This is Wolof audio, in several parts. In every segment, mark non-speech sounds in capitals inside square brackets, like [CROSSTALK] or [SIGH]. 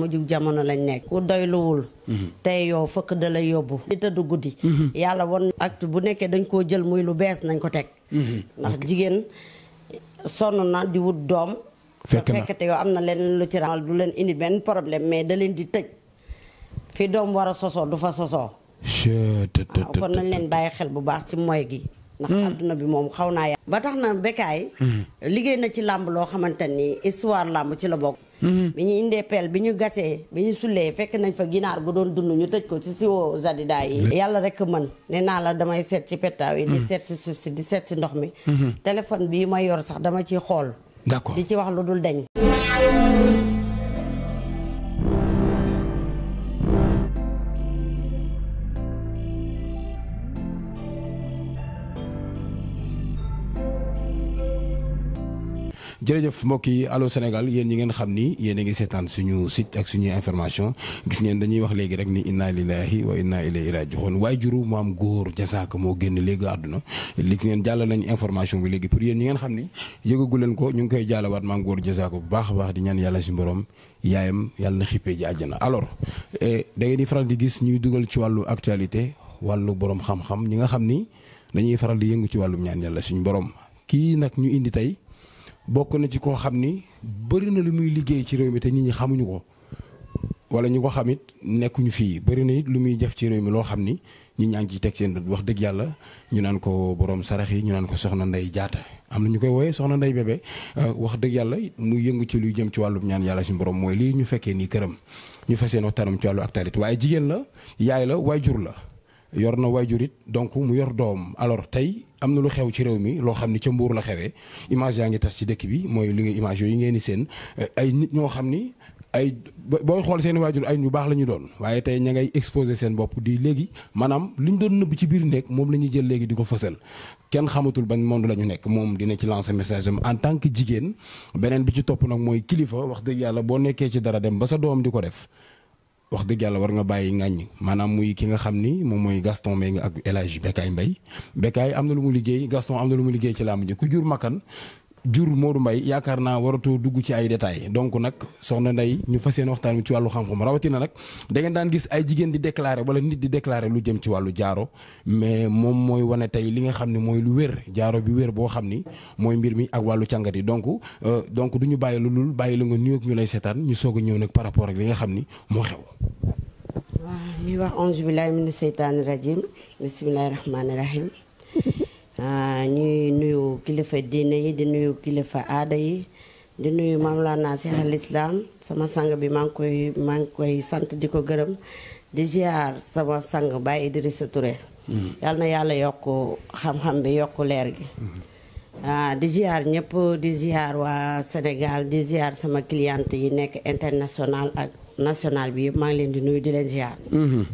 mujjug jamono lañ nekk ku doyluwul mhm. tey yow fëkk da lay yóbbu di tëdd guddi mhm. yàlla won acte bu nekkee dañ koo jël muy lu bees nañ ko teg mhm. ndax jigéen sonn na di wut doom fekk te yow am na leen ci du leen indi benn problème mais da leen di tëj fi doom war a sosoo du fa sosoo kon nañ leen bàyyi xel bu baax ci moy gi ndax mm. adduna bi moom xaw naa ya ba tax na Bécaye mm. liggéey na ci làmb loo xamante ni histoire làmb ci la bokk Mm-hmm. bi ñu indee peel bi ñu gasee bi ñu sulee fekk nañ fa ginaar bu doon dund ñu tëj ko ci siwo zadida yi yàlla rek mën ne naa la damay seet ci pettaaw yi di mm-hmm. seet si suuf si di seet si ndox mi mm-hmm. téléphone bii ma yor sax dama ciy xool d'accord di ci wax lu dul deñ jërëjëf mbokk yi allo Sénégal yéen ñi ngeen xam ni yéen a ngi seetaan suñu sit ak suñu information gis ngeen dañuy wax léegi rek ni inna lillahi wa inna ilayhi raji'un waaye juru maam góor jasaaka moo génn léegi àdduna li ngeen jàll nañ information bi léegi pour yéen ñi ngeen xam ni yëgagu leen ko ñu ngi koy jàllawaat maam góor jasaaka bu baax baax di ñaan yàlla si borom yaayam yàlla na xippee ji àjjana alors eh, da ngeen di faral di gis ñuy dugal ci wàllu actualité wàllu borom xam-xam ñi nga xam ni dañuy faral di yëngu ci wàllum ñaan yàlla suñu borom kii nag ñu indi tey bokk na ci koo xam ni bëri na lu muy liggéey ci réew mi te nit ñi xamuñu ko wala ñu ko xam it nekkuñu fii bëri na it lu muy def ci réew mi loo xam ni ñi ñaa ngi ciy teg seen bët wax dëgg yàlla ñu naan ko borom sarax yi ñu naan ko soxna Ndey Jaata am na ñu koy wooyee soxna Ndey Bébé euh, wax dëgg yàlla muy yëngu ci luy jëm ci wàllum ñaan yàlla si borom mooy lii ñu fekkee nii këram ñu fas yéene waxtaanam ci wàllu actualité waaye jigéen la yaay la jur la. yor na waajur it donc mu yor doom alors tey am na lu xew ci réew mi loo xam ni ca mbuur la xewee image yaa ngi tas ci dëkk bi mooy li nga image yooyu ngeen di seen ay nit ñoo xam ni ay booy xool seen waajur ay ñu baax la ñu doon waaye tey ña ngay exposé seen bopp di léegi maanaam li ñu doon nëbb ci biir nekk moom la ñuy jël léegi di ko fësal kenn xamatul bañ moom la ñu nekk moom dina ci lancer message am en tant que jigéen beneen bi ci topp nag mooy kilifa wax dëgg yàlla boo nekkee ci dara dem ba sa doom di ko def wax dëgg war nga bàyyi ŋàññ maanaam muy ki nga xam ni moom mooy Gaston Mbengue ak El Hadj mbay Mbaye am na lu mu liggéey Gaston am na lu mu liggéey ci làmb ji ku jur makkan jur Modou Mbaye yaakaar naa waratoo dugg ci ay détails donc nag soxna Ndeye ñu fas yéene waxtaan wi ci wàllu xam-xam rawatina nag da ngeen daan gis ay jigéen di déclarer wala nit di déclarer lu jëm ci wàllu jaaro mais moom mooy wane tey li nga xam ne mooy lu wér jaaro bi wér boo xam ni mooy mbir mi ak wàllu càngat yi donc euh, donc du ñu bàyyi lu lul bàyyi lu nga nuyoog ñu lay seetaan ñu soog a ñëw nag par rapport ak li nga xam ni moo xew. waaw ñuy wax auzu Ah, ñuy nuyu kilifa diine yi di nuyu kilifa aada yi di nuyu Mawlana Cheikh al Islam sama sang bi maa ngi koy maa ngi koy sant di ko gërëm di ziar sama sang Baye Idrissa Touré. Mm-hmm. yal na yàlla yokk xam-xam bi yokk leer gi. Mm-hmm. Ah, di ziar ñëpp di ziar waa Sénégal di ziar sama cliente yi nekk international ak national bi yëpp maa ngi leen di nuyu di leen ziar. Mm-hmm.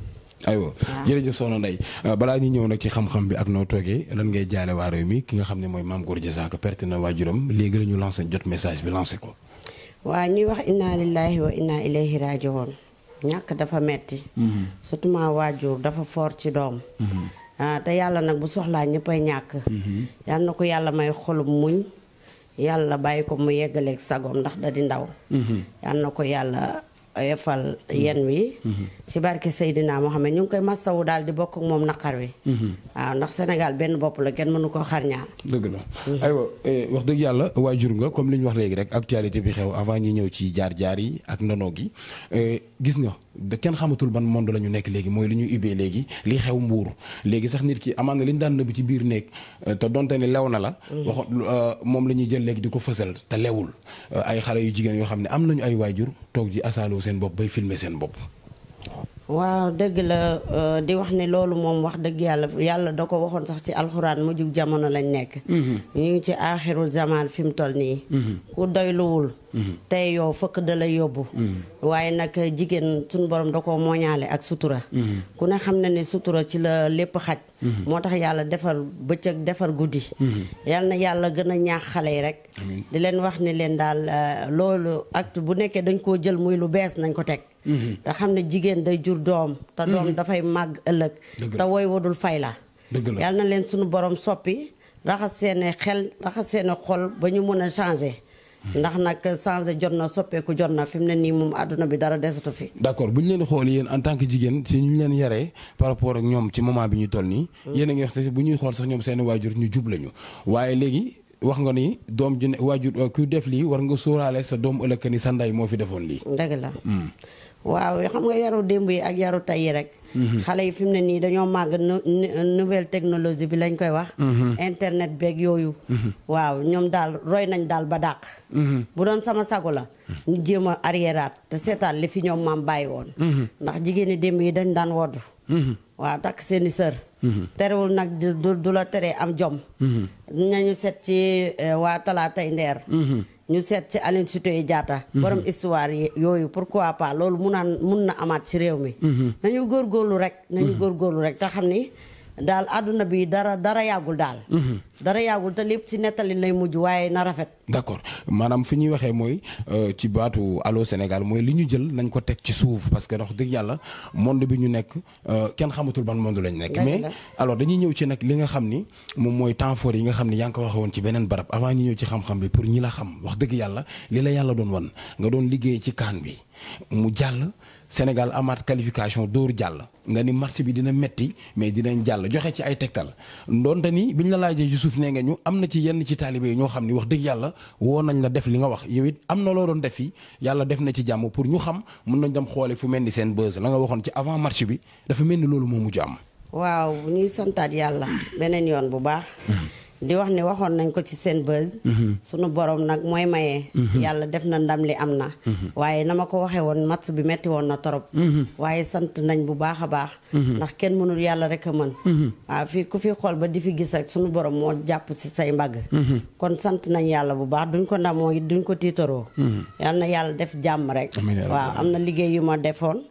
aywa jërëjëf soxna Ndeye euh, balaa ñu ñëw nag ci xam-xam bi ak noo toogee lan ngay jaale waa réew mi ki nga xam ne mooy Mame Gor Diazaka perte na waajuram léegi la ñu lancé jot message bi lancé ko. waa ñuy wax inna lillahi wa inna ilayhi raji'un ñàkk dafa metti mhm. surtout ma waajur dafa foor ci doom. Mhm. Ah, te yàlla nag bu soxlaa ñëppay ñàkk. Mhm. yal na ko yàlla may xolum muñ. yàlla bàyyi ko mu yeggaleeg sagoom ndax da ndaw. yal ko yàlla. oyofal yen wi mm-hmm. ci moo xam ne ñu ngi koy masawu daal di bokk ak moom naqar wi mm-hmm. waaw ndax Sénégal benn bopp la kenn mënu koo xar ñaar dëgg na mm-hmm. aywa eh, wax dëgg yàlla waajur nga comme li ñu wax léegi rek actualité bi xew avant ñi ñëw ci jaar jaar yi ak nonoo gi eh, gis nga de kenn xamatul ban monde la ñu nekk léegi mooy li ñuy ubbee léegi li xew mbuur léegi sax nit ki amaan na li ñu daan nëbb ci biir néeg euh, te donte ni lew na la mm. waxoon euh, moom la ñuy jël léegi di ko fësal te lewul euh, ay xale yu jigéen yoo xam ne am nañu ay waajur toog ji asaaloo seen bopp bay filmer seen bopp waaw dëgg la euh, di wax ni loolu moom wax dëgg yàlla yàlla da ko waxoon sax ci alxuraan mu jug jamono lañ nekk. Mhm. ñu ngi ci aaxirul zamaan fi mu toll nii. Mhm. ku doyluwul. Mhm. tey yow fëkk da yóbbu. waaye nag jigéen suñu borom da koo mooñaale ak sutura. ku ne xam na ne sutura ci la lépp xaj. moo tax yàlla defar bëccëg defar guddi. yal na yàlla gën a ñaax xale yi rek. di leen wax ni leen daal euh, loolu acte bu nekkee dañ koo jël muy lu bees nañ ko teg. te mm-hmm. xam ne jigéen day jur doom te doom mm-hmm. dafay màgg ëllëg te woy wodul fay la yàlla na leen suñu borom soppi raxas seeni xel raxas seeni xol ba ñu mën a changer mm-hmm. ndax nag changé jot na soppeeku jot na fi mu ne nii moom àdduna bi dara desatu fi. d' accord bu ñu leen xool yéen en tant que jigéen si ñu leen yaree par rapport ak ñoom ci moment bi ñu toll nii. Mm. yéen a ngi wax bu ñuy xool sax ñoom seeni waajur ñu jub lañu waaye léegi wax nga ni doom ji waajur ku def lii war nga sóoraale sa doom ëllëg ni sa ndey moo fi defoon lii. dëgg la. Mm. waaw xam nga yaru démb yi ak yaru tay yi rek. Mhm. xale yi fi mu ne nii dañoo màgg nouvelle technologie bi lañ koy wax. Mhm. internet beeg yooyu. Mhm. waaw ñoom daal roy nañ daal ba dàq. bu doon sama sago la. ñu jéem a arriéraat te seetaan li fi ñoom maam bàyyi woon. ndax jigéeni démb yi dañ daan wodd. waaw takk seeni sër. terewul nag du du la teree am jom. nañu set ci eh, waa Talaatay Ndeer. ñu seet ci Aline yi jaata mhm. borom histoire yooyu pour pourquoi pa loolu mun naan mun na amaat ci réew mi mhm. nañu góorlu rek nañu mhm. góorlu rek te xam ni daal àdduna bi dara dara yàggul daal dara yaagul te lépp si nettali lay mujj waaye na rafet. d'accord maanaam fi ñuy waxee mooy euh, ci baatu Allô Sénégal mooy li ñu jël nañ ko teg ci suuf parce que dox dëgg yàlla monde bi ñu nekk euh, kenn xamatul ban monde lañ nekk. mais alors dañuy ñëw ci nag li nga xam ni moom mooy temps fort yi nga xam ni yaa ngi ko waxee woon ci beneen barab avant ñu ñëw ci xam-xam bi pour ñi la xam wax dëgg yàlla li la yàlla doon wan nga doon liggéey ci kaan bi mu jàll Sénégal amaat qualification dóor jàll nga ni marché bi dina metti mais dinañ jàll joxe ci ay tegtal suuf nee nga ñu am na ci yenn ci taalibe yi ñoo xam ni wax dëgg yàlla woo nañ la def li nga wax yow it am na loo doon def yi yàlla def na ci jàmm pour ñu xam mën nañ dem xoole fu mel ni seen bës la nga waxoon ci avant marché bi dafa mel ni loolu moo mujj am. waaw ñuy santaat yàlla beneen yoon bu baax. Hmm. di wax ni waxoon nañ ko ci seen buzz. Mhm. suñu borom nag mooy maye. Mhm. yàlla def na ndam li am na. Mhm. waaye na ma ko waxee woon match bi metti woon na torop. waaye sant nañ bu baax a baax. ndax kenn mënul yàlla rek a mën. waaw fii ku fi xool ba di fi gis rek suñu borom moo jàpp si say mbagg. kon sant nañ yàlla bu baax duñ ko ndamoo duñ ko tiitaroo. yal na yàlla def jàmm rek. waa am na liggéey yu ma defoon.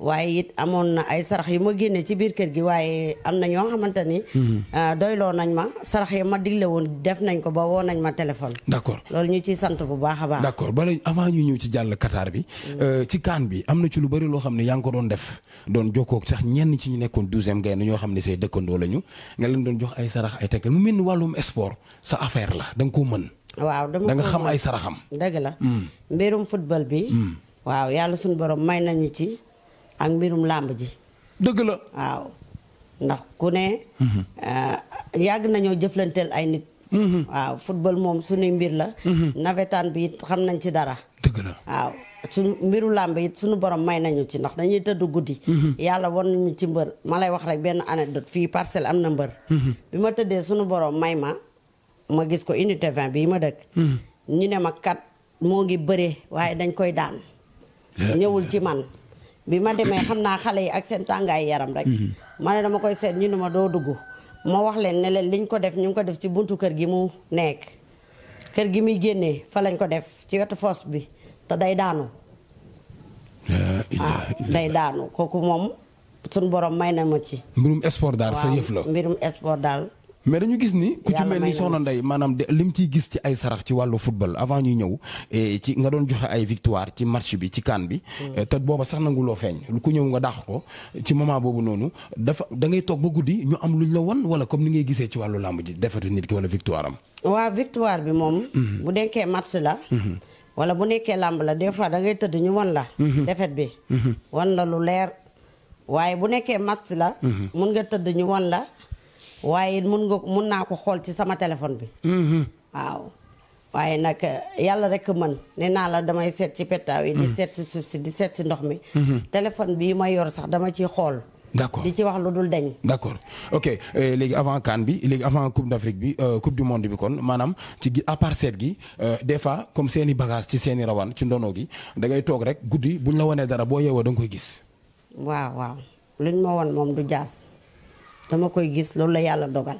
waaye it amoon na ay sarax yu ma génnee ci biir kër gi waaye am na ñoo ma digle woon def nañ ko ba woo nañ ma téléphone. d' accord loolu ñu ciy sant bu baax a baax. d' bala avant ñu ñëw ci jàll Qatar bi. Mm. Euh, ci kaan bi am na ci lu bëri loo xam ne yaa ngi ko doon def doon jokkoog sax ñenn ci ñu nekkoon douzième gaynde ñoo xam ne say dëkkandoo lañu nga leen doon jox ay sarax ay tekkal mu mel ni wàllum sa affaire la da koo mën. waaw dama da nga xam ay saraxam. dëgg la. Mm. mbirum football bi. Mm. waaw yàlla suñu borom may nañu ci ak mbirum làmb ji. dëgg la waaw. ndax ku ne. Euh, yàgg nañoo jëflanteel ay nit. Mhm. waaw football moom suñuy mbir la. Mhm. nawetaan bi it xam nañ ci dara. dëgg la waaw suñu mbiru làmb yit suñu borom may nañu ci ndax dañuy tëdd guddi. Mhm. yàlla wan nañu ci mbër ma lay wax rek benn anecdote fii parcelle am na mbër. bi ma tëddee suñu borom may ma ma gis ko unité 20 bii ma dëkk. ñu ne ma kat moo ngi bëree waaye dañ koy daan. ñëwul ci man bi ma demee xam naa xale yi ak seen tàngaay yaram rek. ma ne dama koy seet ñu ne ma doo dugg ma wax leen ne leen liñ ko def ñu ngi ko def ci buntu kër gi mu nekk kër gi muy génnee fa lañ ko def ci wetu foos bi te day daanu waaw ah, day daanu kooku moom suñ borom may na ma ci mbirum sport daal sa yëf la mbirum sport daal mais dañu gis ni ku ci mel ni soxna Ndeye maanaam de lim ciy gis ci ay sarax ci wàllu football avant ñuy ñëw eh, ci nga doon joxe ay victoire ci match bi ci kan bi. Mm. Eh, te booba sax nanguloo feeñ lu ku ñëw nga dàq ko ci moment boobu noonu dafa da ngay toog ba guddi ñu am luñ la won wala comme ni ngay gisee ci wàllu làmb ji defetu nit ki wala victoire am. waaw victoire bi moom. Mm-hmm. bu denkee match la. Mm-hmm. wala bu nekkee làmb la des fois da ngay tëdd ñu won la. Mm-hmm. defet bi. won la lu leer waaye bu nekkee match la. mun nga tëdd ñu won la. waaye mun nga mun naa ko xool ci sama téléphone bi. Mm-hmm. waaw waaye nag eh, yàlla rek man ne naa la damay seet ci pettaaw yi. di mm. seet si suuf si di seet si ndox mi. Mm-hmm. téléphone bii may yor sax dama ciy xool. d'accord di ci wax lu dul dañ. d'accord eh, léegi avant CAN bi léegi avant coupe d'Afrique bi euh, coupe du monde bi kon maanaam ci à part seet gi euh, des fois comme seeni bagage ci seeni rawaan ci ndono gi dangay toog rek guddi buñ la wanee dara boo yeewoo da nga koy gis. dama koy gis loolu la yàlla dogal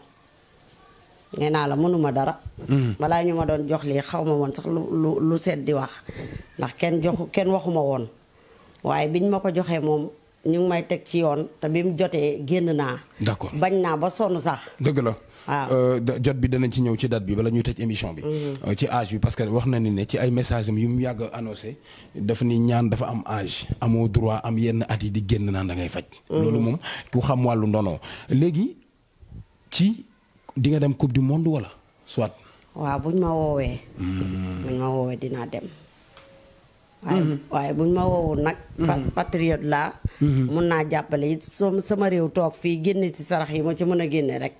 ne naa la mënuma dara. Hmm. balaa ñu ma doon jox lii xaw ma woon sax lu lu lu seet di wax ndax kenn joxu kenn waxuma woon waaye biñ ma ko joxee moom ñu ngi may teg ci yoon te bi mu jotee génn naa. d'accord bañ naa ba sonn sax. dëgg la. Ah. Euh, jot bi danañ ci ñëw ci date bi bala ñuy tëj émission bi. Mm-hmm. Euh, ci âge bi parce que wax na ni ne ci ay message yu mu yàgg annoncé dafa ni ñaan dafa am âge amoo droit am yenn at yi di génn naa da faj. Mm-hmm. loolu moom ku xam wàllu ndono léegi ci di dem coupe du monde wala soit. waa buñ ma woowee. Mm-hmm. buñ ma woowee dinaa dem. waaye waaye buñ ma woowul nag. patriote laa. mun naa jàppale it sama réew toog fii génne ci sarax yi ma ci mën a génne rek.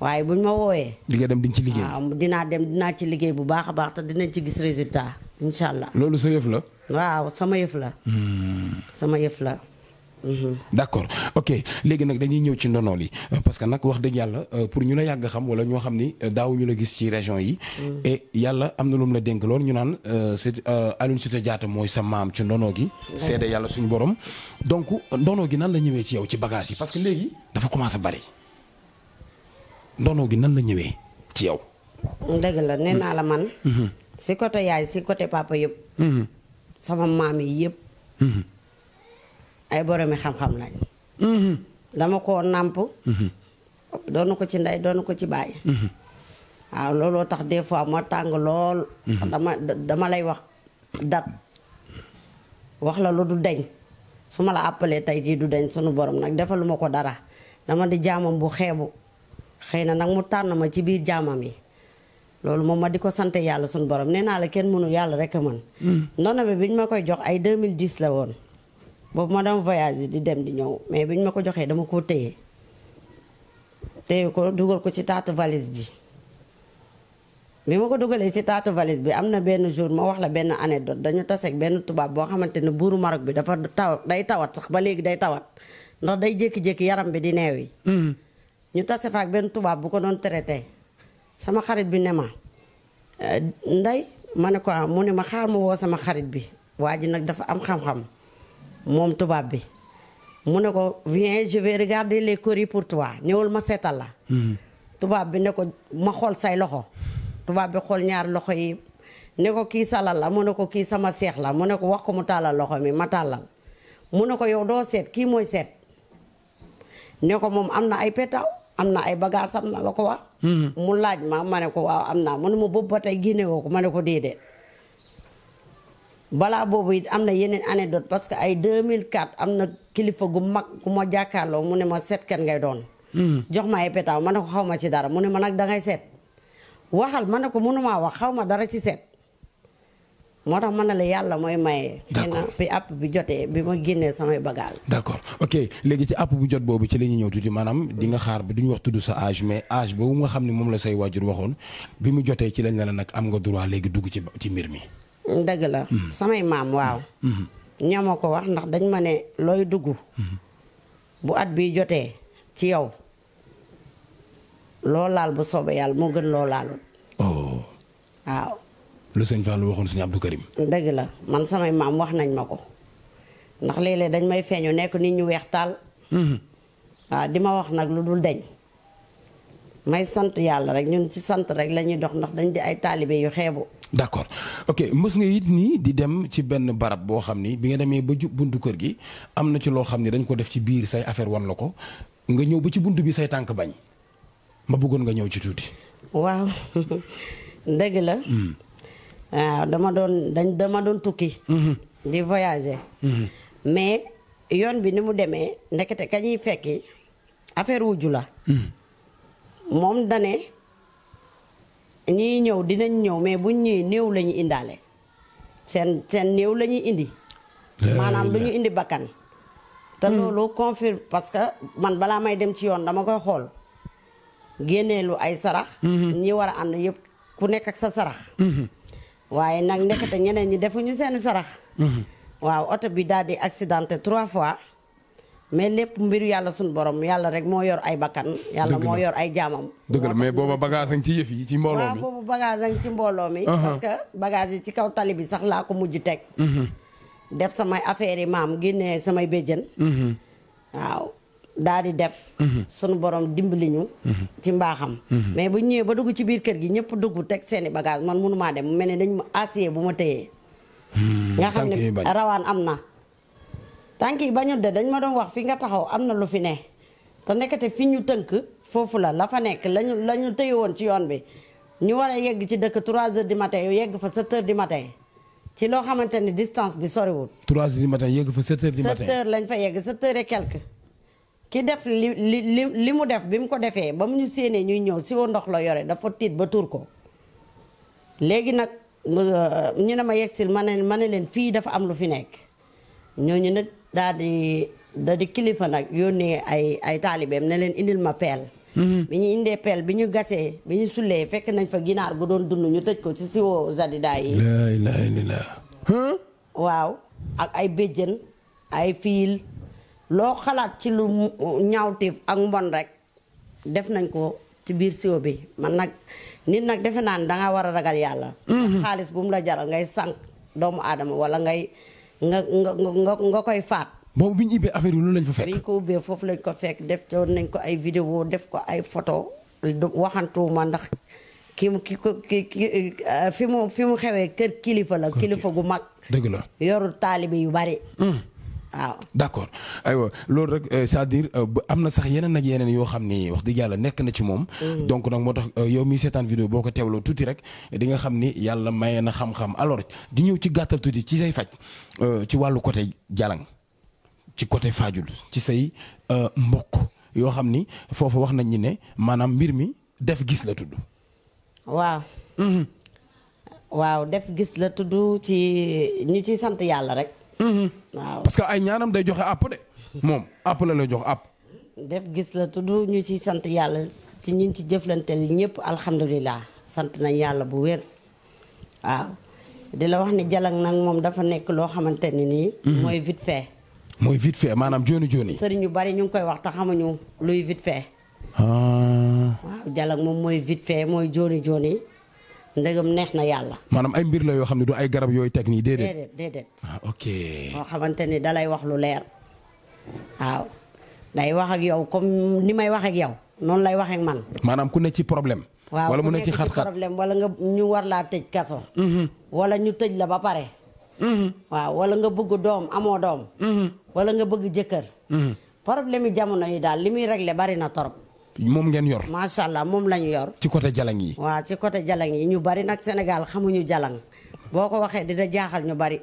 waaye buñ ma wooyee. di nga dem di ci liggéey. waaw ah, dinaa dem dinaa ci liggéey bu baax a baax te dinañ ci gis résultat incha allah. loolu sa yëf la. waaw sama yëf la. Hmm. sama yëf la. Mhm. d' accord ok léegi nag dañuy ñëw ci ndonool yi euh, parce que nag wax dëgg yàlla euh, pour ñu la yàgg xam wala ñoo xam ni euh, daaw ñu la gis ci région yi. Hmm. et yàlla am na lu mu la dénk lool ñu naan c'est Aline Sitoé jaata mooy sa maam ci ndonoo gi. seede yàlla suñu borom. donc ndono gi nan la ñëwee ci yow ci bagage yi parce que léegi dafa commencé bari. ndono gi nan la ñëwee ci yow. dëgg la nee la man. Mm-hmm. si côté yaay si côté papa yëpp. Mm-hmm. sama maam yi yépp mm-hmm. ay boroomi xam-xam lañ. dama ko nàmp. doonu ko ci ndey doonu ko ci baay. waaw looloo tax des fois ma tàng lool. dama dama lay wax dat wax la lu du deñ su ma la appeler tey jii du deñ sunu borom nag defaluma ko dara dama di jaamam bu xeebu. xëy na nag mu tànn ma ci biir jaamam yi loolu moom ma di ko sant yàlla suñu borom nee naa la kenn mënu yàlla rek a mën. Mm. ndono bi biñ ma koy jox ay 2010 la woon boobu ma dama voyage di dem di ñëw mais biñ ma ko joxee dama koo téye te ko dugal ko ci taatu valise bi. bi ma ko dugalee ci taatu valise bi am na benn jour ma wax la benn anecdote dañu taseeg benn tubaab boo xamante ne buuru Maroc bi dafa taw day tawat sax ba léegi day tawat ndax day jékki yaram bi di neewi. Mm. ñu tase fa benn tubaab bu ko doon traité sama xarit bi ne ma eh, nday ma ne ko ah, mu ne ma xaar ma woo sama xarit bi waa ji nag dafa am xam-xam moom tubaab bi mu ne ko viens je vais regarder les pour toi ñëwal ma seetal la hmm. tubaab bi ne ko ma xool say loxo tubaab bi xool ñaar loxo yi ne ko kii salal la mu ne ko kii sama seex la mu ne ko wax ko mu tàllal loxo mi ma tàllal mu ne ko yow doo seet kii mooy seet ne ko moom am na ay pétaw am na ay bagages na la ko wax. Hmm. mu laaj ma ma ne ko waaw am naa mu ne ma boobu ba tey génne woo ko ma ne ko déedéet. balaa boobu it am na yeneen anecdote parce que ay 2004 am na kilifa gu mag gu ma jàkkaarloo mu ne ma seet kan ngay doon. Hmm. jox ma ay pétaw ma ne ko xaw ma ci dara mu ne ma nag da ngay seet. waxal ma ne ko mënumaa wax xaw ma dara ci seet. moo tax mën na la yàlla mooy maye. d'accord bi app bi jotee bi ma génnee samay bagage d'accord ok léegi ci app bu jot boobu ci la ñuy ñëw tuuti maanaam dinga xaar bi duñu wax tudd sa âge mais âge boobu nga xam ne moom la say waajur waxoon bi mu jotee ci lañ la nag am nga droit léegi dugg ci ci mbir mi. dëgg la. Hmm. samay maam waaw. Hmm. ñoo ma ko wax ndax dañ ma ne looy dugg. Hmm. bu at bi jotee ci yow loo laal bu soobee yàlla moo gën loo laalul. Oh. waaw. lu sëñ Fallou waxoon sëñ Abdou Karim. dëgg la man samay maam wax nañ ma ko ndax léeg dañ may feeñu nekk nit ñu weex taal. waaw mhm. ah, di ma wax nag lu dul deñ may sant yàlla rek ñun ci sant rek la ñuy dox ndax dañ di ay taalibe yu xeebu. d'accord ok mës nga it nii di dem ci benn barab boo xam ni bi nga demee ba jub buntu kër gi am na ci loo xam ni dañ ko def ci biir say affaire wan la ko nga ñëw ba ci buntu bi say tànk bañ ma bëggoon nga ñëw ci tuuti. waaw [LAUGHS] waaw dama doon dañ dama doon tukki. Mhm. di voyager. Mhm. mais yoon bi ni mu demee ndekete ka ñuy fekki affaire wujju la. Mhm. moom dane ñiy ñëw dinañ ñëw mais buñ ñëwee néew la ñu indaale seen seen néew la indi. maanaam lu ñu indi bakkan. te loolu confirme parce que man balaa may dem ci yoon dama koy xool génneelu ay sarax. ñi war a ànd yëpp ku nekk ak sa sarax. waaye nag ndekete ñeneen ñi defuñu seen sarax. Mhm. waaw oto bi daal di accidenté trois fois. mais lépp mbir yàlla suñu borom yàlla rek moo yor ay bakkan yàlla moo yor ay jaamam dëgg la mais booba bagage ci yëf yi ci mbooloo mi waaw boobu bagage ci mbooloo mi uh-huh. parce que bagage yi ci kaw tali bi sax laa ko mujj teg mhm. def samay affaire yi maam génnee samay béjjën mhm. waaw daal di def. Mhm. sunu borom dimbali ñu. Mhm. ci mbaaxam. Mhm. mais bu ñëwee ba dugg ci biir kër gi ñëpp dugg teg seeni bagage man mënu maa dem mel ni dañ ma acier bu ma téyee. Hmm, nga xam ne rawaan am na. tànk yi bañu de dañ ma doon wax fi nga taxaw am na lu fi ne te nekkate fi ñu tënk foofu la la fa nekk lañu la ñu tëye woon ci yoon bi ñu war a yegg ci dëkk 3 heures du matin yegg fa 7 heures du matin ci loo xamante ne distance bi soriwul. 3 heures du matin yegg fa 7 heures lañ fa yegg 7 heures et ci def li li li mu def bi mu ko defee ba mu ñu séenee ñuy ñëw si ndox la yore dafa tiit ba tuur ko léegi nag ñu ne ma yegsil ma ne ma ne leen fii dafa am lu fi nekk ñooñu nag daadi di da di kilifa nag yónnee ay ay taalibeem ne leen indil ma peel mm-hmm. bi ñu indee peel bi ñu gasee bi ñu sulee fekk nañ fa ginaar bu doon dund ñu tëj ko ci siwo zadida yi waaw ak ay béjjën ay fiil loo xalaat ci lu ñaawteef ak mbon rek def nañ ko ci biir siwo bi man nag nit nag defe naa ne danga war a ragal yàlla mhm. xaalis bu mu la jaral ngay sànq doomu aadama wala ngay nga nga nga koy faat boobu bi ñu ubbee affaire yi loolu lañ fa fekk bi ñu ko ubbee foofu lañ ko fekk def doon nañ ko ay vidéo def ko ay photo waxantuuma ndax ki mu ki ko ki euh, fi mu fi mu xewee kër kilifa la kilifa gu mag dëgg la yorul taalibe yu bari mm. waaw d' accord aywa loolu rek c' est à am na sax yeneen ak yeneen yoo xam ni wax di yàlla nekk na ci moom. Mm. donc nag moo tax euh, yow mi seetaan vidéo boo ko teewloo tuuti rek di nga xam ni yàlla maye na xam-xam alors di ñëw ci gàttal tuuti ci say faj euh, ci wàllu côté Jalang ci côté Fajul ci say euh, mbokk yoo xam ni foofu wax nañ ñi ne maanaam mbir mi def gis la tudd. waaw. Mm-hmm. waaw def gis la tudd ci ñu ciy sant yàlla rek. Mm-hmm. waaw parce que ay ñaanam day joxe àpp de moom àpp la lay jox àpp. def gis la tudd ñu ci sant yàlla ci ñun ci jëflante jëflanteel ñëpp alhamdulilah sant nañ yàlla bu wér waaw di la wax ne jalang nag moom dafa nekk loo xamante ni nii. Mm-hmm. mooy vite fait. mooy vite fait maanaam jooni jooni. sëriñ ñu bari ñu ngi koy wax te xamuñu luy vite fait. Ah. waaw jalang moom mooy vite fait mooy jooni jooni. ndegam neex na yàlla. maanaam ay mbir la yoo xam ne du ay garab yooyu teg nii déedéet. déedéet déedéet. ah ok. moo xamante ni dalay wax lu leer waaw day wax yow comme ni may wax yow noonu lay wax ak man. maanaam ku ne ci problème. waaw wala mu ne ci xat-xat problème nga ñu war laa tëj kaso. Mm-hmm. wala ñu tëj la ba pare. Mm-hmm. waaw wala nga bëgg doom amoo doom. Mm-hmm. wala nga bëgg jëkkër. problème yi jamono yi daal li muy réglé bari na torop moom ngeen yor. macha allah moom la ñu yor. ci côté jalang yi. waaw ci côté jalang yi ñu bari nag Sénégal xamuñu jalang boo ko waxee dina jaaxal ñu bari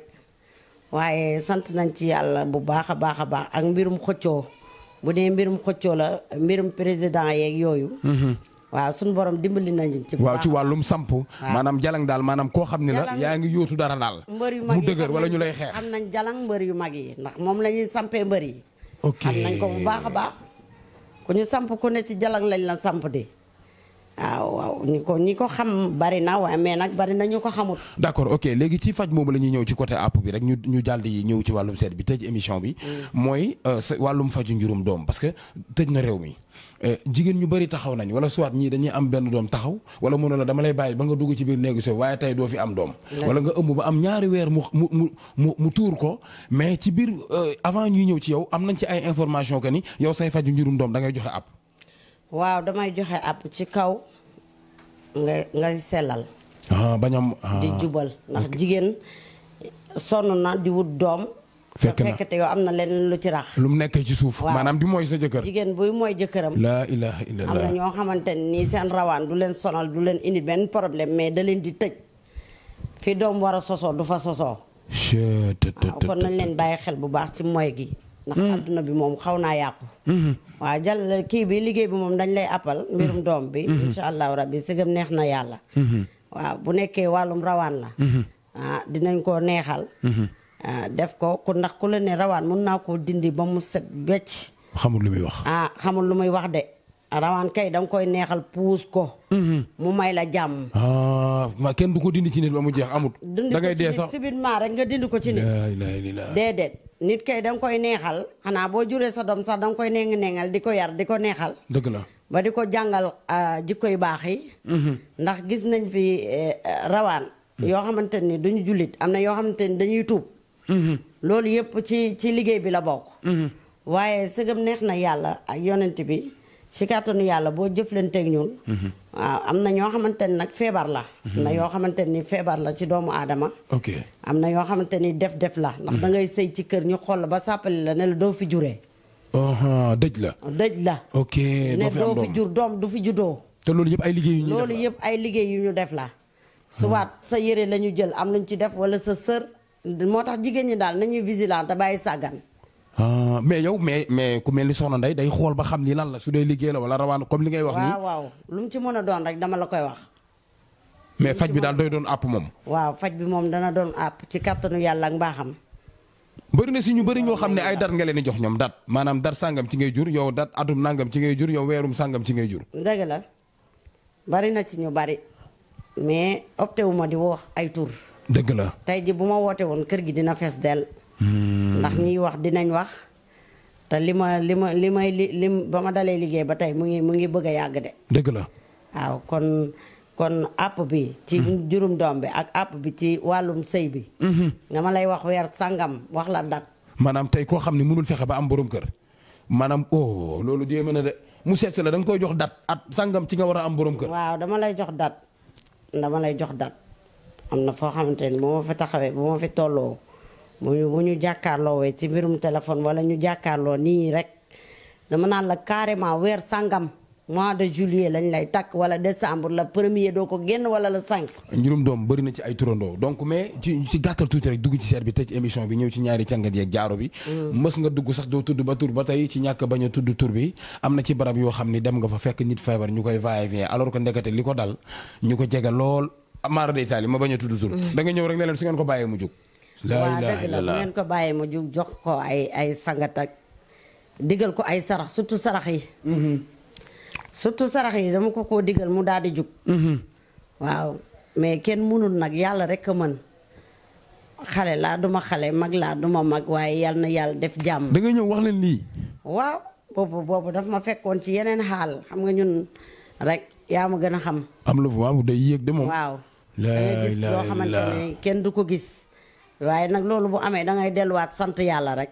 waaye sant nañ ci yàlla bu baax a baax a baax ak mbirum xëccoo bu dee mbirum xëccoo la mbirum président yeeg yooyu. Mhm. waa suñu borom dimbali nañu ci. waaw ci wàllum samp. maanaam jalang daal maanaam koo xam ne la. yaa ngi yóotu dara daal. mbër yu mag yi mu wala ñu lay am nañ jalang mbër yu mag yi ndax moom la ñuy sampee mbër ku ñu samp ku ne ci jalan lañ la samp de waaw waaw ñi ko ñi ko xam bari na waaye mais nag bari na ñu ko xamul. d'accord ok léegi ci faj moomu la ñuy ñëw ci côté app bi rek ñu ñu daal di ñëw ci wàllum seet bi tëj émission bi. Mm. mooy euh, wàllum faju njurum doom parce que tëj na réew mi. Eh, jigéen ñu bari taxaw nañ wala soit ñii dañuy am benn doom taxaw wala mu ne la dama lay bàyyi ba nga dugg ci biir néegu sooy waaye tey doo fi am doom wala nga ëmb ba am ñaari weer mu mu mu mu tuur ko mais ci biir euh, avant ñuy ñëw ci yow am nañ ci ay information que ni yow say faju njurum doom dangay joxe ab waaw damay joxe ab ci kaw nga ngay sellal ah, bañam ah. di jubal ndax jigéen sonn na di wut doom fekk na te na leneen lu ci rax. lu mu nekkee ci suuf. maanaam di mooy sa jëkkër. jigéen buy mooy jëkkëram. laa am na ñoo xamante ni seen rawaan du leen sonal du leen indi benn problème mais da leen di tëj. fi doom war a sosoo du fa sosoo. kon nañ leen bàyyi xel bu baax ci mooy gi. ndax hmm. adduna bi moom xaw naa yàqu. Hmm. waaw jàll kii bi liggéey bi moom dañ lay appal. mbirum hmm. doom bi. incha allahu rabbi sëgëm neex na yàlla. waaw bu nekkee wàllum rawaan la. ah ko neexal. Ah, def ko ku ndax ku la ne rawaan mun naa koo dindi ba mu set becc xamul lu muy wax ah xamul lu muy wax de rawaan kay danga koy neexal puus ko mm-hmm. mu may la jàmm ah, ma kenn du ko dindi ci nit ba mu jeex amut da ngay dee sax subitement rek nga ko ci nit déedéet nit kay danga koy neexal xanaa boo juree sa doom sax danga koy neeng neengal di ko yar di ko neexal dëgg la ba di ko jàngal ah, jikko yu baax yi mm-hmm. ndax gis nañ fi eh, rawaan mm-hmm. yoo xamante ni duñu jullit am na yoo xamante ni dañuy tuub Mm-hmm. loolu yëpp ci ci liggéey bi la bokk. Mm-hmm. waaye sëgëm neex na yàlla ak yonent bi ci kàttanu yàlla boo jëflanteeg ñun. waaw mm-hmm. ah, am na ñoo xamante ni nag feebar la. na yoo xamante ni feebar la ci doomu aadama. am na yoo xamante ni def-def la. ndax da ngay sëy ci kër ñu xool ba sàppali la ne la doo fi juree. dëj la. dëj la. ok ne doo fi jur doom du fi juddoo. te loolu yëpp ay liggéey yu ñu def la yëpp ay liggéey yu def la. suwaat sa yére la jël am luñ ci def wala sa sër. moo tax jigéen ñi daal nañuy vigilant bàyyi sàggan. Ah, mais yow mais mais ku mel ni Soxna Ndeye day xool ba xam ni lan la su dee liggéey la wala rawaan comme li ngay wax. nii waaw lu mu ci mën a doon rek dama la koy wax. mais faj bi daal doy doon àpp moom. waaw faj bi moom dana doon àpp ci kàttanu yàlla ak mbaaxam. bëri na si ñu bëri ñoo xam ne ay dar nga leen jox ñoom dat maanaam dar sàngam ci ngay jur yow dat atum nangam ci ngay jur yow weerum sàngam ci ngay jur. dëgg la bari na ci ñu bari mais ma di wax ay tur. dëgg la tey ji bu ma woote woon kër gi dina fees dell hmm. ndax ñiy wax dinañ wax te li ma li ma li may li li ba ma dalee liggéey ba tey mu ngi mu ngi bëgg a yàgg de dëgg la waaw kon kon app bi ci hmm. jurum doom bi ak app bi ci wàllum sëy bi hmm. nga lay wax weer sàngam wax la dat maanaam tey koo xam ne mënul fexe ba am borom kër maanaam oh loolu jéem na de mu seet la da nga koy jox dat at sàngam ci nga war a am borom kër waaw dama lay jox dat dama lay jox dat am na foo xamante ni bu ma fa taxawee bu ma fi tolloo bu ñu bu ñu jàkkaarloowee ci mbirum téléphone wala ñu jàkkaarloo nii rek dama naan la carrément weer sangam mois de juillet lañ lay takk wala décembre la premier doo ko génn wala la cinq. njurum doom bëri na ci ay turandoo donc mais ci ci gàttal tuuti rek dugg ci seet bi tëj émission bi ñëw ci ñaari càngat yeeg jaaro bi. Mm. mës nga dugg sax doo tudd ba tur ba tey ci ñàkk bañ a tudd tur bi am na ci barab yoo xam ni dem nga fa fekk nit feebar ñu koy va et alors que ndekete li ko dal ñu ko jege lool. Amara day taali ma bañ a tudd tur. Mm. da nga ñëw rek ne su ngeen ko bàyyee mu jóg. laa ilaaha la bu ngeen ko bàyyee mu jóg jox ko ay ay sangat ak digal ko ay sarax surtout sarax yi. Mm-hmm. surtout sarax yi dama ko koo digal mu daal di jóg. Mm-hmm. waaw mais kenn mënul nag yàlla rek a mën. xale laa duma xale mag laa duma mag waaye yal na yàlla def jàmm. da nga ñëw wax leen lii. waaw boobu boobu daf ma fekkoon ci yeneen xaal xam nga ñun rek yaa ma gën a xam. am lu waaw day yéeg de moom la gis loo xamante ne kenn du ko gis waaye nag loolu bu amee da ngay delluwaat sant yàlla rek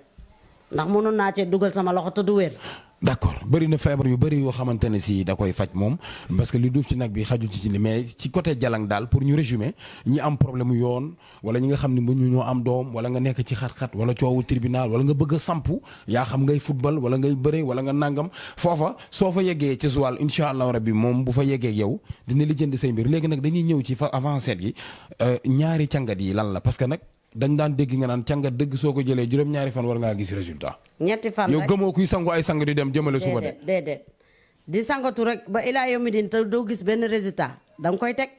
ndax mënoon naa cee dugal sama loxo te du wér d' accord bëri na feebar yu bëri yoo xamante ne si da koy faj moom parce que li duuf ci nag bi xaju ci ci li mais ci côté jalan daal pour ñu résumer ñi am problème yoon wala ñi nga xam ne mu ñu ñoo am doom wala nga nekk ci xat-xat wala coowu tribunal wala nga bëgg samp sampu yaa xam ngay futbal wala ngay bëre wala nga nangam foofa soo fa yeggee ci Joal incha allah bi moom bu fa yeggee yow dina lijjanti say mbir léegi nag dañuy ñëw ci fa avancé yi euh, ñaari càngat yi lan la parce que nag. dañ daan dégg nga naan càngat dëgg soo ko jëlee juróom-ñaari fan war ngaa gis résultat. ñetti fan yow gëmoo kuy sangu ay sang di dem jëmale suba de. déedéet di sangatu rek ba ilaa yomi din te doo gis benn résultat danga koy teg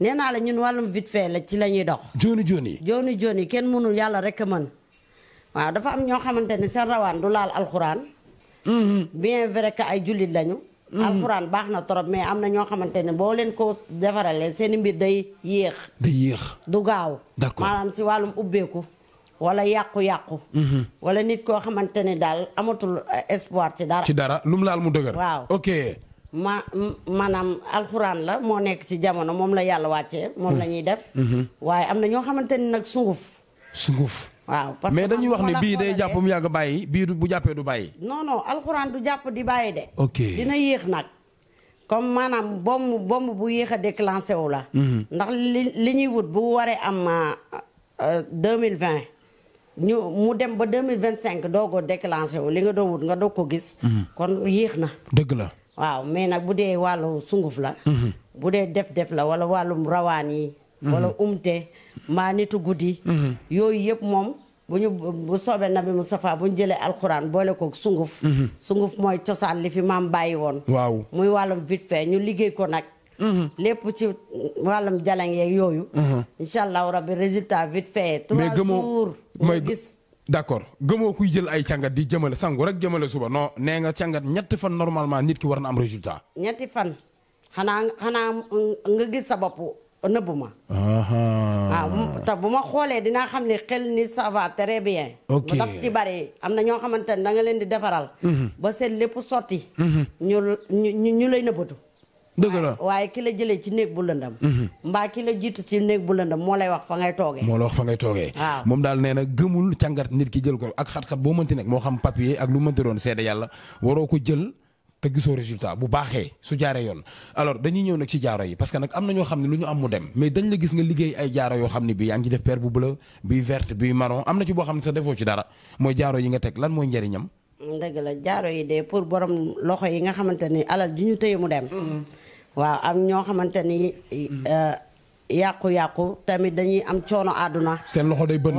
nee naa la ñun wàllum vite fait la ci la ñuy dox. jooni jooni. jooni jooni kenn mënul yàlla rek a mën waaw dafa am ñoo xamante ne seen rawaan du laal alxuraan. Mm-hmm. bien vrai que ay jullit lañu. Mm. alxuraan baax na trop mais am na ñoo xamante ne boo leen ko defarale seen mbir day yéex. day yéex du gaaw. d'accord maanaam si wàllum ubbeeku. wala yàqu-yàqu. Mm-hmm. wala nit koo xamante ne daal amatul eh, espoir ci dara. ci dara lum laal mu dëgër. waaw ok. ma maanaam alxuraan la moo nekk si jamono moom la yàlla wàccee. moom mm. la ñuy def. Mm-hmm. waaye am na ñoo xamante ne nag sunguf. sunguf. waaw parce que mais dañuy wax ni bii day jàpp mu yàgg bàyyi bii bu jàppee du bàyyi. non non alxuraan du jàpp di bàyyi de. ok dina yéex nag. comme maanaam bomb bomb bu yéex a déclenché wu la. Mhm. ndax li li ñuy wut bu waree am euh, euh, deux mille vingt ñu mu dem ba deux mille vingt cinq doogoo déclenché wu li nga doo wut nga doog ko gis. Mhm. kon yéex na. dëgg la. waaw mais nag bu dee wàllu sunguf la. Mhm. bu dee def-def la wala wàllum rawaan yi. Mm-hmm. wala umte maa nitu guddi mm-hmm. yooyu yëpp moom bu ñu bu soobee nabi Moustapha bu ñu jëlee alxuraan boole ko sunguf mm-hmm. sunguf mooy cosaan li fi maam bàyyi woon waaw muy wàllum vite fait ñu liggéey ko nag lépp ci wàllum jalañ yeeg yooyu incha allahu rabbi résultat vite fait trois jours mooy gis d' accord gëmoo kuy jël ay cangat di jëmale sangu rek jëmale suba non nee nga càngat ñetti fan normalement nit ki war na am résultat ñetti fan xanaa xanaa nga gis sa bopp Oh, nëbb ma. ah te bu ma xoolee dinaa xam ne xel ni ça va très bien. ok bu daf ci bari am na ñoo xamante ne da nga leen di defaral. Mhm. ba seen lépp sotti. Mhm. ñu ñu ñu lay nëbbatu. dëgg la waaye ki la ci néeg bu lëndam mhm. mbaa ki la jiitu ci néeg bu lëndam moo lay wax fa ngay toogee moo la wax fa ngay toogee waaw moom daal nee na gëmul càngat nit ki jël ko ak xat-xat boo mënti nekk moo xam papier ak lu mënti doon seede yàlla waroo ko jël te gisoo résultat bu baaxee su jaaree yoon alors dañuy ñëw nag ci jaaro yi parce que nag am na ñoo xam ne lu ñu am mu dem mais dañ la gis nga liggéey ay jaaro yoo xam ne bii yaa ngi def paire bu bleu bii verte bii marron am na ci boo xam ne sax defoo ci dara mooy jaaro yi nga teg lan mooy njëriñam. dëgg la jaaro yi de pour borom loxo yi nga xamante alal ju ñu tëye mu dem. Mm-hmm. waaw am ñoo xamante mm-hmm. euh, yàqu-yàqu tamit dañuy am coono àdduna. seen loxo day bënn.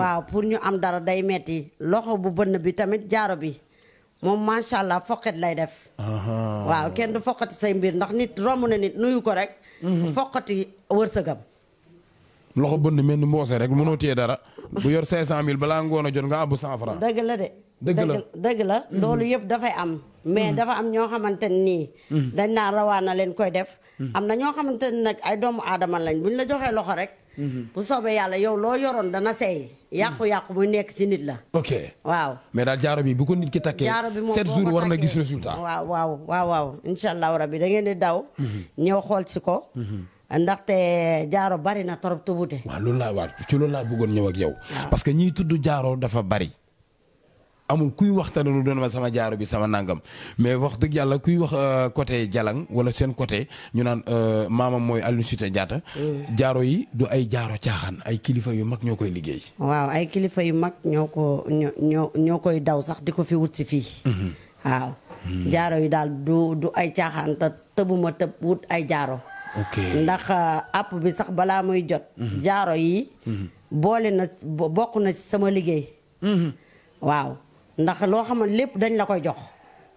moom macha allah foqet lay def. waaw kenn du foqati say mbir ndax nit romb na nit nuyu ko rek. Mhm. foqati wërsëgam. loxo bënn mel ni mboose rek mënoo téye dara bu yor 500000 balaa ngoon a jot nga àbbu 100 francs. dëgg la de. dëgg la dëgg la mhm. loolu yëpp dafay am. mais mhm. dafa am ñoo xamante nii. dañ naa rawaan na leen koy def. am na ñoo xamante ni nag ay doomu aadama lañ bu buñ la joxee loxo rek. Mm-hmm. bu soobee yàlla yow loo yoroon dana seey. Mm-hmm. yàqu-yàqu muy nekk si nit la. ok waaw. mais daal jaaro bi bu ko nit ki takkee. jaaro bi moom 7 jours war na gis résultat. waaw waaw waaw waaw incha allahu rabi da ngeen di daw. Mm-hmm. ñëw xool si ko. ndaxte jaaro bari na torop tubute. waaw loolu laa waa ci loolu laa bëggoon ñëw ak yow. parce que ñiy tudd jaaro dafa bari. amul kuy waxtaane lu doon ma sama jaaro bi sama nàngam mais wax dëgg yàlla kuy wax euh, côté Jalang wala seen côté ñu naan euh, maamam mooy Aline Sitoé mm. jaaro yi du ay jaaro caaxaan ay kilifa yu mag ñoo koy liggéey. waaw ay kilifa yu mag ñoo ko ñoo ñoo koy daw sax di ko fi wut si fii. Mm-hmm. waaw. Mm-hmm. jaaro yi daal du du ay caaxaan te tëbuma tëb wut ay jaaro. ndax euh, app bi sax balaa muy jot. Mm-hmm. jaaro yi. boole na bokk na sama liggéey. waaw. ndax loo xam lépp dañ la koy jox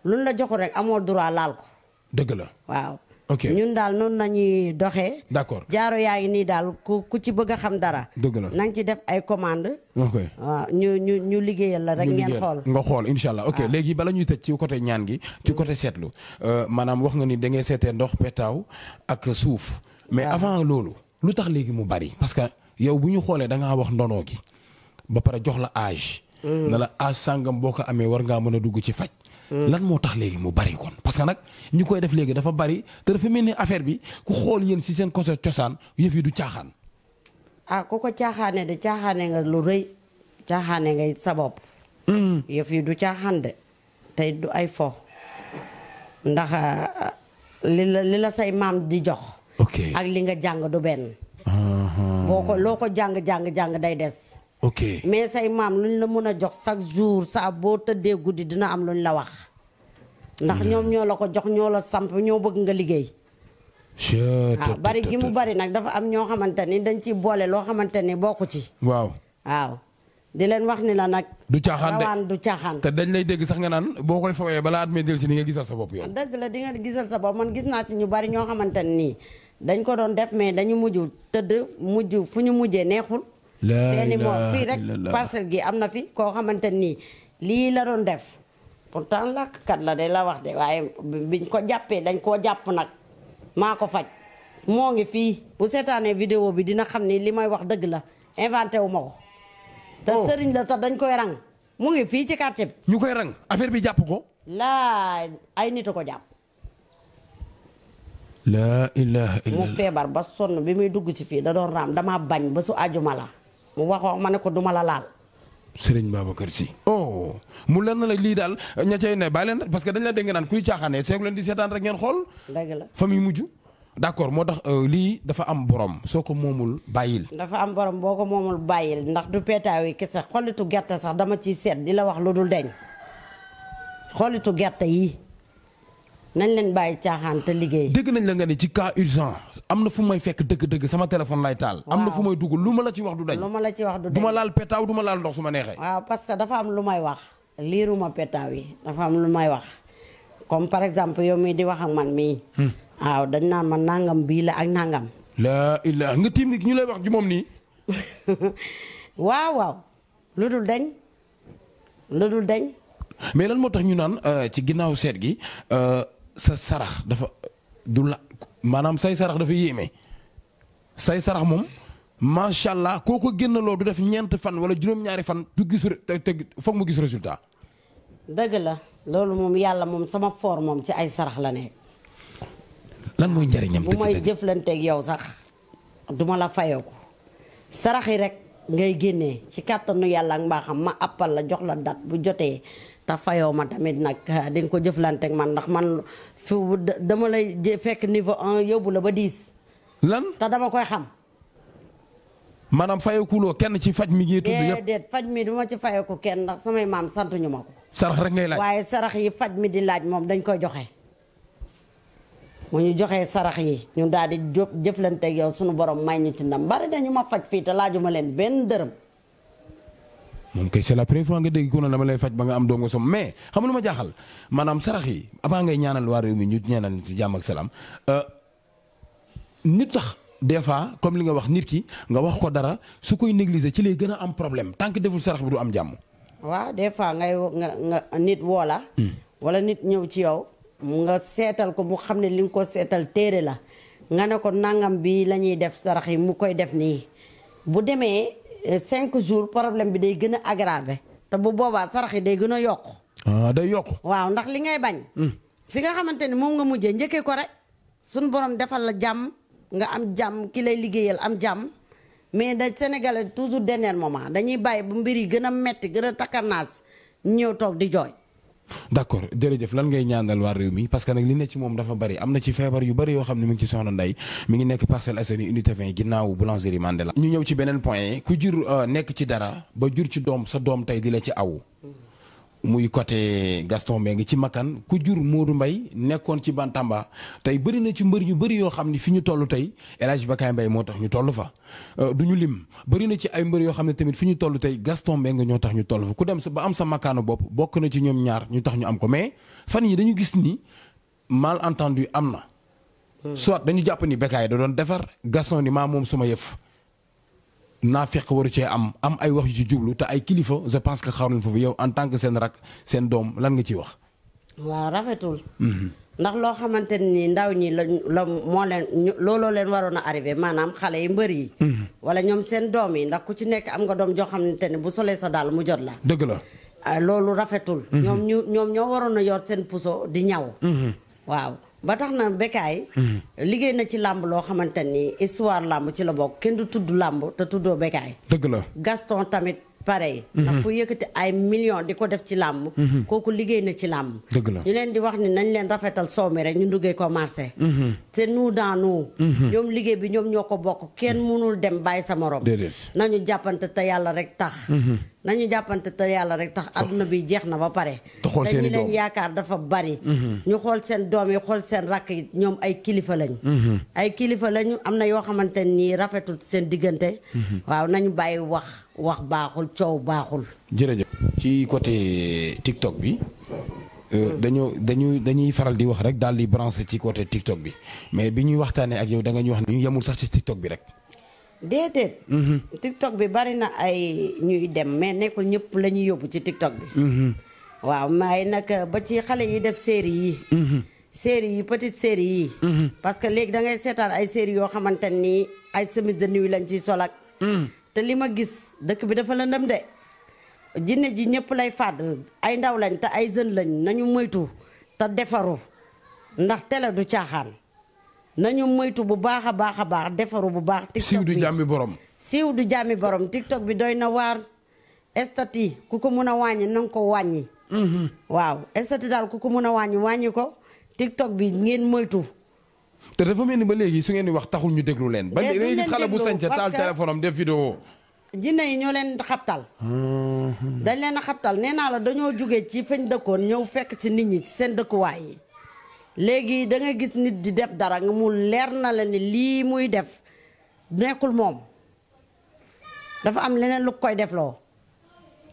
luñ la joxul rek amoo droit laal ko. dëgg la waaw. ok ñun daal noonu nañuy doxee. d'accord jaaro yaa ngi nii daal ku ku ci bëgg xam dara. dëgg la na nga ci def ay commande ok waaw ñu ñu ñu liggéeyal la rek. ngeen xool nga xool incha allah ok léegi bala ñuy tëj ci côté ñaan gi. ci côté seetlu euh, maanaam wax nga ni da ngay seetee ndox petaaw ak suuf. mais avant loolu lu tax léegi mu bari. parce que yow bu ñu xoolee da ngaa wax ndono gi ba pare jox la âge. na la âge ah, sàngam boo ko amee war ngaa mën a dugg ci faj lan moo tax léegi mu bari kon parce que nag ñu koy def léegi dafa bari te dafa mel ni affaire bi ku xool yéen si seen koso cosaan yëf yi du caaxaan ah ku ko caaxaane de caaxaane nga lu rëy caaxaane ngay sa bopp hmm. yëf yi du caaxaan de tey du ay fo ndax ah, li la li la say maam di jox ak li nga jàng du benn ah, boo ko loo ko jàng jàng jàng day des ok mais say maam luñ la mën a jox chaque jour saa boo tëddee guddi dina am luñ la wax. ndax ñoom mm. ñoo la ko jox ñoo la samp bëgg nga liggéey. Ah, bari gi mu bari nag dafa am ñoo xamante ni dañ ciy boole loo xamante ni bokku ci. waaw waaw. di leen wax ni la nag. du caaxaan de rawaan du caaxaan. te dañ lay dégg sax nga naan boo koy fawee balaa at may dellu si sa bopp yow. dëgg la di nga gisal sa bopp man gis naa ci ñu bari ñoo xamante nii dañ ko doon def mais dañu mujj tëdd mujj fu ñu mujjee neexul. seeni moom fii rek parcelle gi am na fi koo xamante nii lii la doon def pourtant làkkat la de la wax de waaye biñ ko jàppee dañ koo jàpp nag maa ko faj moo ngi fii bu seetaanee vidéo bi dina xam ni li may wax dëgg la inventé wu ma ko te oh. sëriñ la tax dañ koy rang mu ngi fii ci quartier bi ñu koy rang affaire bi jàpp ko laa ay nit a ko jàpp laa ilaha illallah mu feebar ba sonn bi muy dugg ci fii da doon raam dama bañ ba su ajuma la waxoo ma ne ko duma la laal. Sëriñ kër Si oh mu lenn la lii daal ña cay ne bàyyi leen parce que dañ la dégg naan kuy caaxaanee seeg leen di seetaan rek ngeen xool. dëgg la fa muy mujj. d' accord moo tax euh, lii dafa am boroom soo ko moomul bàyyil. dafa am borom boo ko moomul bàyyil ndax du peetaaw yi kese xolitu gerte sax dama ciy seet di la wax lu dul deñ xolitu gerte yi nañ leen bàyyi caaxaan te liggéey. dégg nañ la nga ne ci cas urgent. am na fu may fekk dëgg-dëgg sama téléphone lay taal. am na fu may dugg lu ma la ci wax du dañ. lu ma la ci wax du dañ du ma laal petaaw du ma laal ndox su ma neexee. waaw parce que dafa am may wax. liiruma petaaw yi dafa am lu wax comme par exemple yow mii di wax ak man mii. Hmm. waaw dañ naan ma nangam bii ak nangam. laa nga tiim ñu lay wax ji moom nii. [LAUGHS] waaw waaw lu dul dañ lu dul dañ. mais lan moo tax ñu naan euh, ci ginnaaw seet gi euh, sa sarax dafa du la. maanaam say sarax dafa yéeme say sarax moom macha allah koo ko génnaloo du def ñeent fan wala juróom-ñaari fan du gis te te mu gis résultat. dëgg la loolu moom yàlla moom sama for moom ci ay sarax la nekk. lan mooy njëriñam bu may jëflanteeg yow sax duma la fayoo ko sarax yi rek ngay génnee ci kàttanu yàlla ak mbaaxam ma appal la jox la date bu jotee te fayoo ma tamit nag dañ ko jëflanteek man ndax man fi dama lay fekk niveau un yóbbu la ba diis lan te dama koy xam. maanaam fayekuloo kenn ci faj mi ngi tudd yëpp faj mi du ma ci kenn ndax samay maam sant ñu ma ko. sarax rek ngay laaj mi di laaj moom dañ koy joxe. mu ñu joxee sarax yi ñu daal di jëflanteeg yow sunu borom may ñu ci ndam bari dañu ma faj fii te laajuma leen benn dërëm. moom kay c'est la première fois nga dégg ku ne dama lay faj ba nga am doom nga som mais xam lu ma jaaxal maanaam sarax yi avant ngay ñaanal waa réew mi ñu ñaanal ci jàmm ak salaam euh, nit tax des fois comme li nga wax nit ki nga wax ko dara su koy négliger ci lay gën a am problème tant que deful sarax bi du am jàmm. waa des fois ngay nga nga nit woola hmm. wala nit ñëw ci yow. nga seetal ko mu xam ne li nga ko seetal téere la nga ne ko nangam bi la ñuy def sarax yi mu koy def nii bu demee. Euh, cinq jours problème bi day gën a aggravé te bu boobaa sarax yi day gën a yokk ah day yokk waaw ndax li ngay bañ hmm. fi nga xamante ni moom nga mujjee njëkkee ko rek suñ borom defal la jàmm nga am jàmm ki lay liggéeyal am jàmm mais da Sénégalais toujours dernier moment dañuy bàyyi bu mbir yi gën a metti gën a takkarnaas ñëw toog di jooy d' accord jërëjëf lan ngay ñaanal waa réew mi parce que nag li ne ci moom dafa bari am na ci feebar yu bari yoo xam ne mi ngi ci soxna Ndeye mi ngi nekk Parcelles Assainies unité 20 ginnaawu boulangerie Mandela. ñu ñëw ci beneen point ku jur euh, nekk ci dara ba jur ci doom sa doom tey di la ci aw muy côté Gaston Mbengue ci Makan ku jur Modou mbay nekkoon ci Bantamba tey bëri na ci mbër yu bëri yoo xam ne fi ñu toll tey El Hadj mbay moo tax ñu toll fa. Euh, du ñu lim bëri na ci ay mbër yoo xam ne tamit fi ñu toll tey Gaston Mbengue ñoo tax ñu toll fa ku dem sa ba am sa makaanu bopp bokk na ci ñoom ñaar ñu tax ñu am ko mais fan yi dañu gis ni malentendu am na. Hmm. soit dañu jàpp ni Bakay da doon defar Gaston ni maa moom sama yëf. naa fekk waru cee am am ay wax yu ci jublu te ay kilifa je pense que xaw nañ foofu yow en tant que seen rak seen doom lan nga ciy wax. waaw rafetul. Mhm. ndax loo xamante ni ndaw ñi la la moo leen looloo leen waroon a arrivé maanaam xale yi mbër yi. Mhm. wala ñoom seen doom yi ndax ku ci nekk am nga doom joo xamante ne bu solee sa daal mu jot la. dëgg la. Ah, loolu rafetul. Mhm. ñoom ñu ñoom ñoo waroon a yor seen puso di ñaw. waaw. ba tax na Bécaye hmm. liggéey na ci làmb loo xamante ni histoire làmb ci la bokk kenn du tudd làmb te tuddoo Bécaye dëgg la Gaston tamit pareil hmm. ndax ku yëkkati ay millions di ko def ci làmb hmm. kooku liggéey na ci làmb dëgg la ñu leen di wax ni nañ leen rafetal soow mi rek ñu duggee ko marché te nous dans ñoom liggéey bi ñoom ñoo ko bokk kenn mënul dem bàyyi sa morom nañu jàppante te yàlla rek tax nañu jàppante te yàlla rek tax adduna bi jeex na ba pare te ñi leen yaakaar dafa bari mhm. ñu xool seen doom yi xool seen rakk yi ñoom ay kilifa lañu mhm. ay kilifa lañu am na yoo xamante nii rafetul seen diggante mhm. waaw nañu bàyyi wax wax baaxul coow baaxul jërëjëf ci côté TikTok bi dañoo euh, hmm. dañuy dañuy faral di wax rek daal di branché ci côté TikTok bi mais bi ñuy waxtaanee ak yow da nga ñuy wax ne ñu yemul sax ci TikTok bi rek déedéet. Mhm. TikTok bi bari na ay ñuy dem mais nekkul ñëpp la ñuy yóbbu ci TikTok bi. Mhm. waaw maay nag ba ci xale yi def série yi. Mhm. série yi petite série yi. parce que léegi da ngay seetaan ay série yoo xamante ni ay semis de nuit lañ ciy solak. te li ma gis dëkk bi dafa lëndëm de. jinne ji ñëpp lay fàdd ay ndaw lañ te ay jeunes lañ nañu moytu te defaru ndax tele du caaxaan. nañu moytu bu baax a baax a baax defaru bu baax. tiktok bi siiw du jàmmi borom. siiw du jàmmi borom tiktok bi doy na waar. estati ku ko mën a wàññi na ko wàññi. Mhm. waaw estati daal ku ko mun a wàññi wàññi ko tiktok bi ngeen moytu. te dafa mel ni ba léegi su ngeen di wax taxul ñu déglu leen. ba eh, léegi gis xale bu sañca taal téléphone am def vidéo. jinne yi ñoo leen xabtal. Mhm. dañ leen a xabtal nee naa la dañoo jóge ci fañ dëkkoon ñëw fekk ci nit ñi ci seen dëkkuwaay yi. léegi da gis nit di def dara nga mu leer na la ni lii muy def nekkul moom dafa am leneen lu koy defloo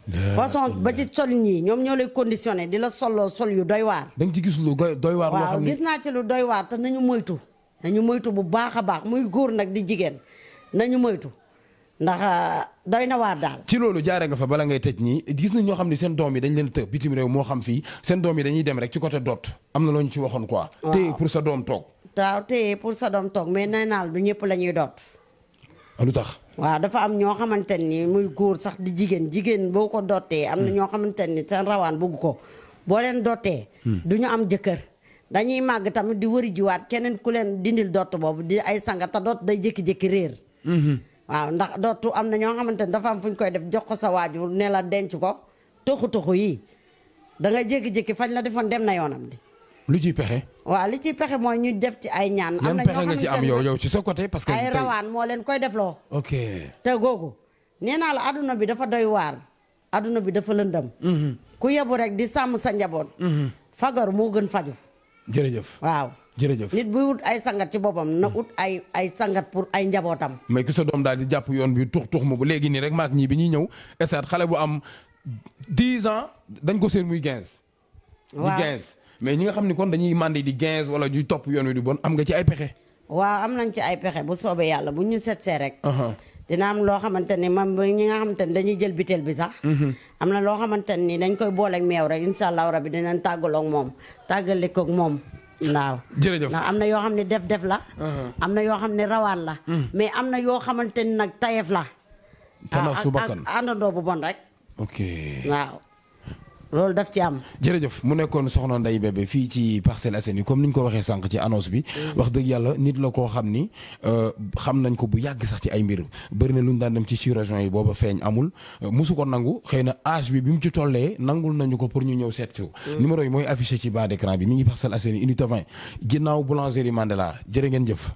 loo façon ba ci sol ñii ñoom ñoo lay conditionné di la solo sol yu doy waar ci gis lu doy waar loo xam ne gis naa ci lu doy waar te nañu moytu nañu moytu bu baax a baax muy góor nag di jigéen nañu moytu ndax euh, doy na waar daal. ci loolu jaaree nga fa bala ngay tëj nii gis nañ ñoo xam ne seen doom yi dañu leen tëb bitim réew moo xam fii seen doom yi dañuy dem rek ci côté dot am na loo ñu waxoon quoi. waaw pour sa doom toog. waaw téye pour sa doom toog mais nee naa du ñëpp la ñuy doot. Ah, lu tax. waaw dafa am ñoo xamante ni muy góor sax di jigéen jigéen boo ko dootee. am na hmm. ñoo xamante ni seen rawaan bugg ko boo leen dootee. Hmm. du ñu am jëkkër. dañuy màgg tamit di wëri jiwaat keneen ku leen dindil doot boobu di ay sanga te dott day jékki-jékki réer. Hmm, waaw ndax dootu am na ñoo xamante ne dafa am fu ñu koy def jox ko sa waajur ne la denc ko toxu toxu yi da nga jékki-jékki fañ la defoon dem na yoonam di. lu ciy pexe. waaw li ciy pexe mooy ñu def ci ay ñaan. am na ñoo pexe nga ci am yow yow ci sa côté. parce que ay rawaan moo leen koy defloo. ok te googu nee naa la aduna bi dafa doy waar. aduna bi dafa lëndëm. Mhm. ku yebu rek di sàmm sa njaboot. Mhm. fagar moo gën faju jërëjëf waaw. jërëjëf nit buy wut ay sangat ci boppam na ut ay ay sangat pour ay njabootam. mais ki sa doom daal di jàpp yoon bi tux tux mu bu léegi nii rek maak ñii bi ñuy ñëw esaat xale bu am 10 ans dañ ko seen muy 15. waaw mais ñi nga xam ni kon dañuy màndi di 15 wala di topp yoon wi di bon am nga ci ay pexe. waaw am nañ ci ay pexe bu soobee yàlla bu ñu setsee rek. Uh-huh. dina am loo xamante ni man ñi nga xamante ni dañuy jël bitel bi sax. Mm-hmm. am na loo xamante ni dañ koy booleeg meew rek incha allah rabi dinañ tàggaloo ak moom tàggale koog moom. waaw jërëjëf am na yoo xam ne def def la. Uh-huh. am na yoo xam ne rawaan la. Mm. mais am na yoo xamante ni nag tayef la. tanaaf su bakkan bu bon rek. waaw. loolu daf ci am. jërëjëf mu nekkoon soxna Ndeye Bébé fii ci Parcelles yi comme ni ñu ko waxee sànq ci annonce bi. Mm. wax dëgg yàlla nit la koo xam ni euh, xam nañ ko bu yàgg sax ci ay mbiru bëri na lu ñu daan dem ci région yi booba feeñ amul euh, musu ko nangu xëy na âge bi bi mu ci tollee nangul nañu ko pour ñu ñëw seet mm. numéro yi mooy affiché ci bas d'écran bi mi ngi Parcelles Assainies unité 20 ginnaaw boulangerie Mandela jëre ngeen jëf.